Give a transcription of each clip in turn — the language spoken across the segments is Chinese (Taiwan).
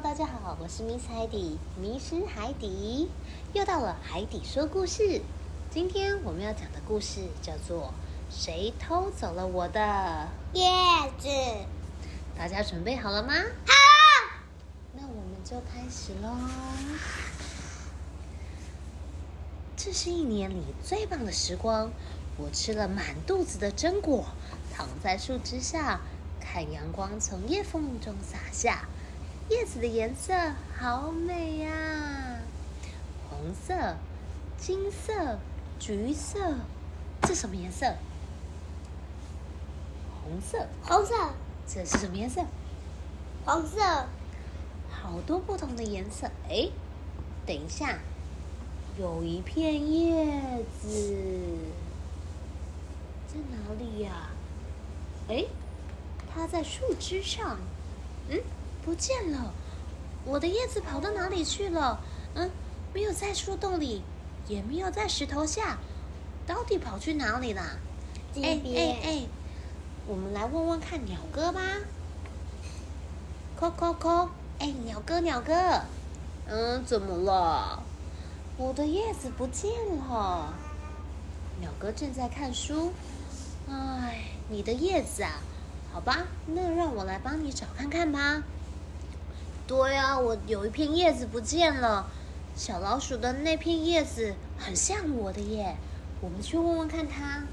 大家好，我是 Miss Heidi，迷失海底，又到了海底說故事。今天我們要講的故事叫做《誰偷走了我的葉子》？大家準備好了嗎？好！那我們就開始嘍。這是一年裡最棒的時光，我吃了滿肚子的榛果，躺在樹枝下，看陽光從裂縫中灑下。葉子的顏色好美呀、啊，黃色、金色、橘色，這什麼顏色？紅色。紅色。這是什麼顏色？黃色。好多不同的顏色。哎，等一下，有一片葉子在哪裡呀、啊？哎，它在樹枝上。嗯。不見了，我的葉子跑到哪裡去了？嗯，沒有在樹洞裡，也沒有在石頭下，到底跑去哪裡了？哎哎哎，我們來問問看鳥哥吧。扣扣扣，哎、欸，鳥哥鳥哥，嗯，怎麼了？我的葉子不見了。鳥哥正在看書。哎，你的葉子啊，好吧，那讓我來幫你找看看吧。對呀、啊，我有一片葉子不見了，小老鼠的那片葉子很像我的耶，我們去問問看它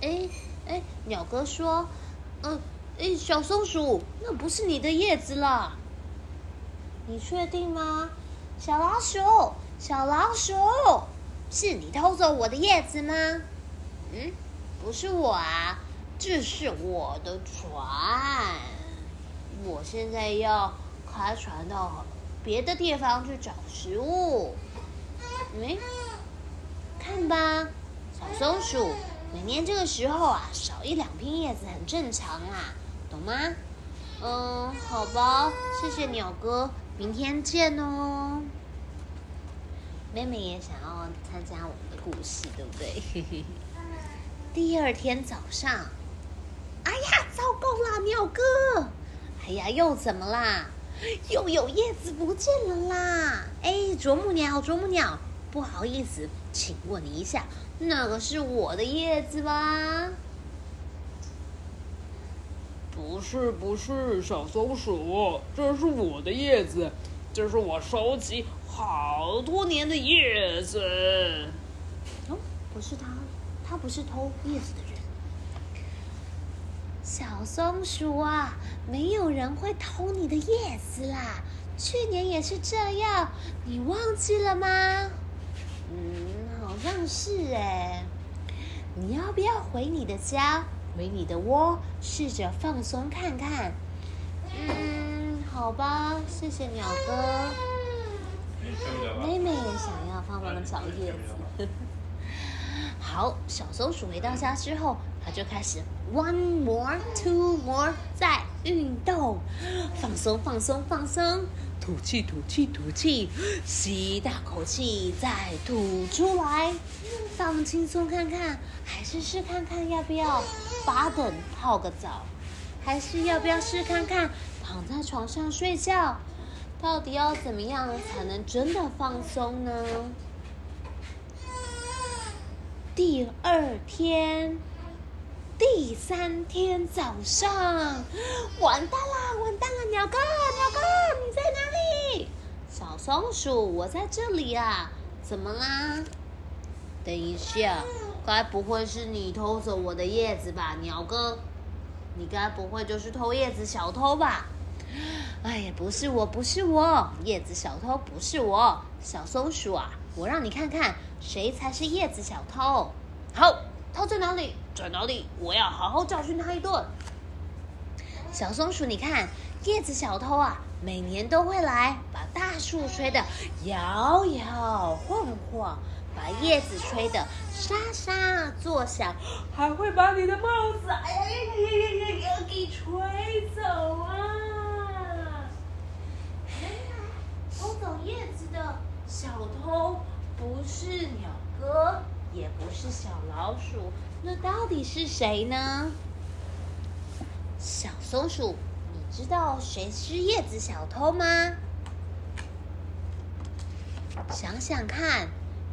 哎哎，鳥哥說，嗯、呃，哎，小松鼠，那不是你的葉子啦？你確定嗎？小老鼠，小老鼠，是你偷走我的葉子嗎？嗯，不是我啊，這是我的船。我現在要開船到別的地方去找食物，嗯、哎，看吧，小松鼠，每年這個時候啊，少一兩片葉子很正常啦、啊，懂嗎？嗯，好吧，謝謝鳥哥，明天見哦。妹妹也想要參加我們的故事，對不對？嘿嘿，第二天早上，哎呀，糟糕啦，鳥哥！哎呀，又怎麼啦？又有葉子不見了啦！哎，啄木鳥，啄木鳥，不好意思，請問你一下，那個是我的葉子吧？不是，不是，小松鼠，這是我的葉子，這是我收集好多年的葉子。哦，不是他，他不是偷葉子的人。小松鼠啊，沒有人會偷你的葉子啦。去年也是這樣，你忘記了嗎？嗯，好像是哎。你要不要回你的家，回你的窩，試着放鬆看看？嗯，好吧，謝謝鳥哥。妹妹也想要幫忙找葉子。啊、 好，小松鼠回到家之後。嗯他就開始 one more, two more，在運動，放鬆放鬆放鬆，吐氣吐氣吐氣，吸大口氣再吐出來，放輕鬆看看，還是試看看要不要八個泡個澡，還是要不要試看看躺在床上睡覺，到底要怎麼樣才能真的放鬆呢？第二天。第三天早上，完蛋了，完蛋了，鳥哥，鳥哥，你在哪裡？小松鼠，我在這裡啊，怎麼啦？等一下，該不會是你偷走我的葉子吧，鳥哥？你該不會就是偷葉子小偷吧？哎呀，不是我，不是我，葉子小偷不是我，小松鼠啊，我讓你看看誰才是葉子小偷。好，偷在哪裡？在哪裡？我要好好教訓他一頓。小松鼠，你看，葉子小偷啊，每年都會來，把大樹吹得搖搖晃晃，把葉子吹得沙沙作響，還會把你的帽子哎呀，呀我給吹走啊！偷走葉子的小偷，不是鳥哥，也不是小老鼠。那到底是誰呢？小松鼠，你知道誰是葉子小偷嗎？想想看，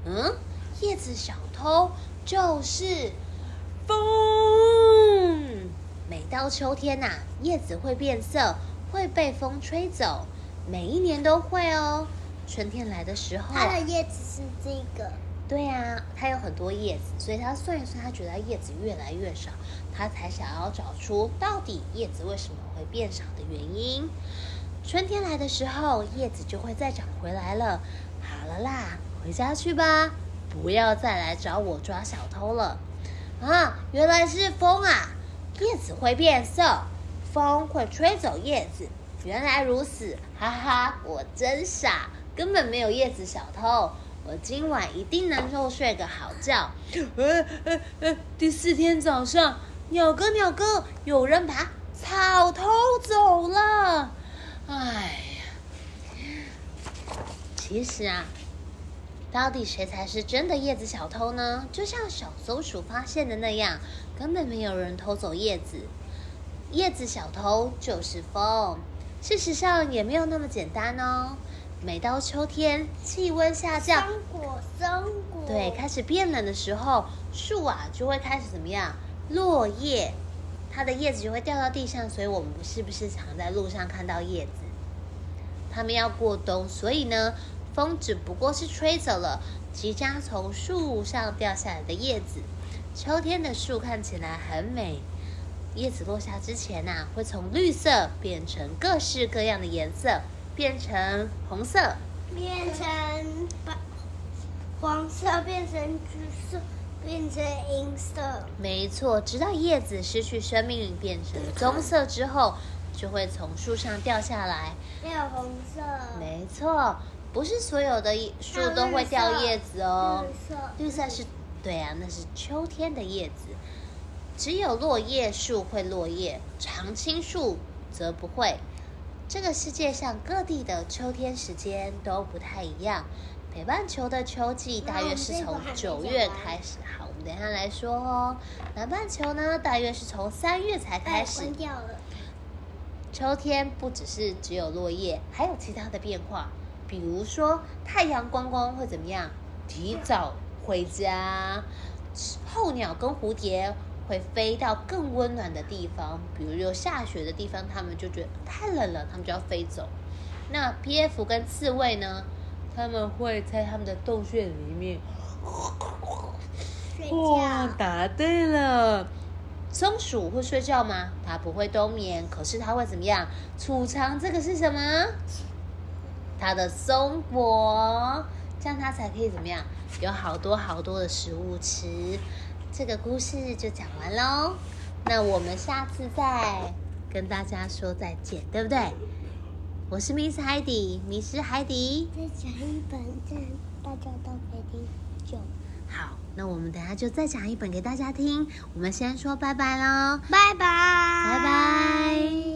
嗯，葉子小偷就是風。每到秋天啊，葉子會變色，會被風吹走，每一年都會哦。春天來的時候，它的葉子是這個。對呀，它有很多葉子，所以它算一算，它覺得葉子越來越少，它才想要找出到底葉子為什麼會變少的原因。春天來的時候，葉子就會再長回來了。好了啦，回家去吧，不要再來找我抓小偷了。啊，原來是風啊，葉子會變色，風會吹走葉子。原來如此，哈哈，我真傻，根本沒有葉子小偷。我今晚一定能夠睡個好覺。哎哎哎，第四天早上，鳥哥鳥哥，有人把草偷走了。哎呀，其實啊，到底誰才是真的葉子小偷呢？就像小松鼠發現的那樣，根本沒有人偷走葉子，葉子小偷就是風。事實上，也沒有那麼簡單哦。每到秋天，氣溫下降，松果，松果。對，開始變冷的時候，樹啊就會開始怎麼樣？落葉，它的葉子就會掉到地上。所以我們是不是常在路上看到葉子？它們要過冬，所以呢，風只不過是吹走了即將從樹上掉下來的葉子。秋天的樹看起來很美，葉子落下之前吶、啊，會從綠色變成各式各樣的顏色。變成紅色，變成把黃黃色，色，變成紫色，變成銀色。沒錯，直到葉子失去生命變成棕色之後，就會從樹上掉下來。沒有紅色。沒錯，不是所有的樹都會掉葉子哦，色色。綠色是，對啊，那是秋天的葉子。只有落葉樹會落葉，常青樹則不會。這個世界上各地的秋天時間都不太一樣。北半球的秋季大約是從九月開始，好，我們等下來說哦。南半球呢，大約是從三月才開始。秋天不只是只有落葉，還有其他的變化，比如說太陽光光會怎麼樣？提早回家，候鳥跟蝴蝶。會飛到更溫暖的地方，比如說下雪的地方，他們就覺得太冷了，他們就要飛走。那蝙蝠跟刺蝟呢？他們會在他們的洞穴裡面睡覺。答對了，松鼠會睡覺嗎？它不會冬眠，可是它會怎麼樣？儲藏這個是什麼？它的松果，這樣它才可以怎麼樣？有好多好多的食物吃。這個故事就講完嘍，那我們下次再跟大家說再見，對不對？我是迷失海底，迷失海底。再講一本，再大家都可以聽就好。好，那我們等下就再講一本給大家聽。我們先說拜拜嘍，拜拜，拜拜。